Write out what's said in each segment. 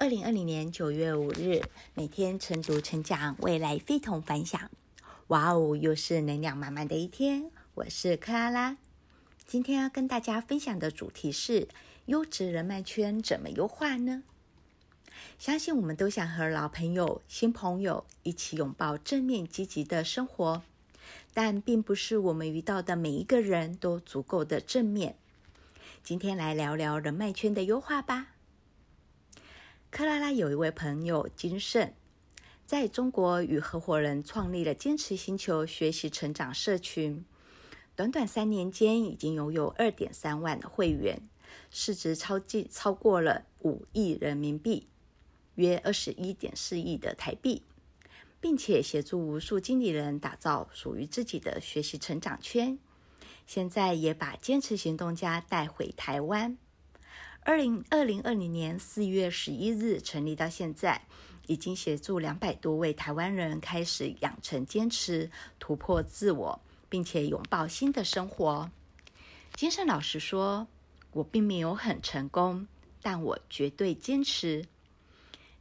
二零二零年九月五日，每天晨讀成長，未來非同凡響。哇哦，又是能量滿滿的一天！我是克拉拉，今天要跟大家分享的主題是：優質人脈圈，怎麼優化呢？相信我們都想和老朋友、新朋友一起擁抱正面積極的生活，但並不是我們遇到的每一個人都足夠的正面。今天來聊聊人脈圈的優化吧。特拉拉有一位朋友金勝，在中國與合夥人創立了堅持星球學習成長社群，短短三年間已經擁有二點三萬的會員，市值超近超過了五億人民幣，約二十一點四億的台幣，並且協助無數經理人打造屬於自己的學習成長圈，現在也把堅持行動家帶回台灣。二零二零二零年四月十一日成立到現在，已經協助兩百多位台灣人開始養成堅持、突破自我，並且擁抱新的生活。金勝老師說：“我並沒有很成功，但我絕對堅持。”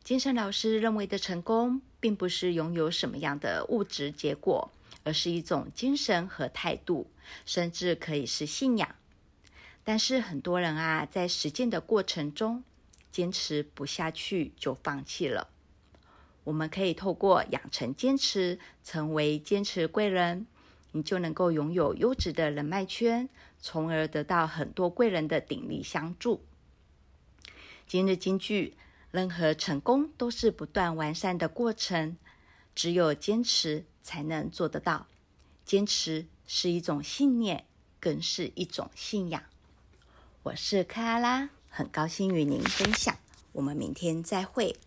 金勝老師認為的成功，並不是擁有什麼樣的物質結果，而是一種精神和態度，甚至可以是信仰。但是很多人啊，在實踐的過程中，堅持不下去就放棄了。我們可以透過養成堅持，成為堅持貴人，你就能夠擁有優質的人脈圈，從而得到很多貴人的鼎力相助。今日金句：任何成功都是不斷完善的過程，只有堅持才能做得到。堅持是一種信念，更是一種信仰。我是卡拉拉，很高興與您分享。我們明天再會。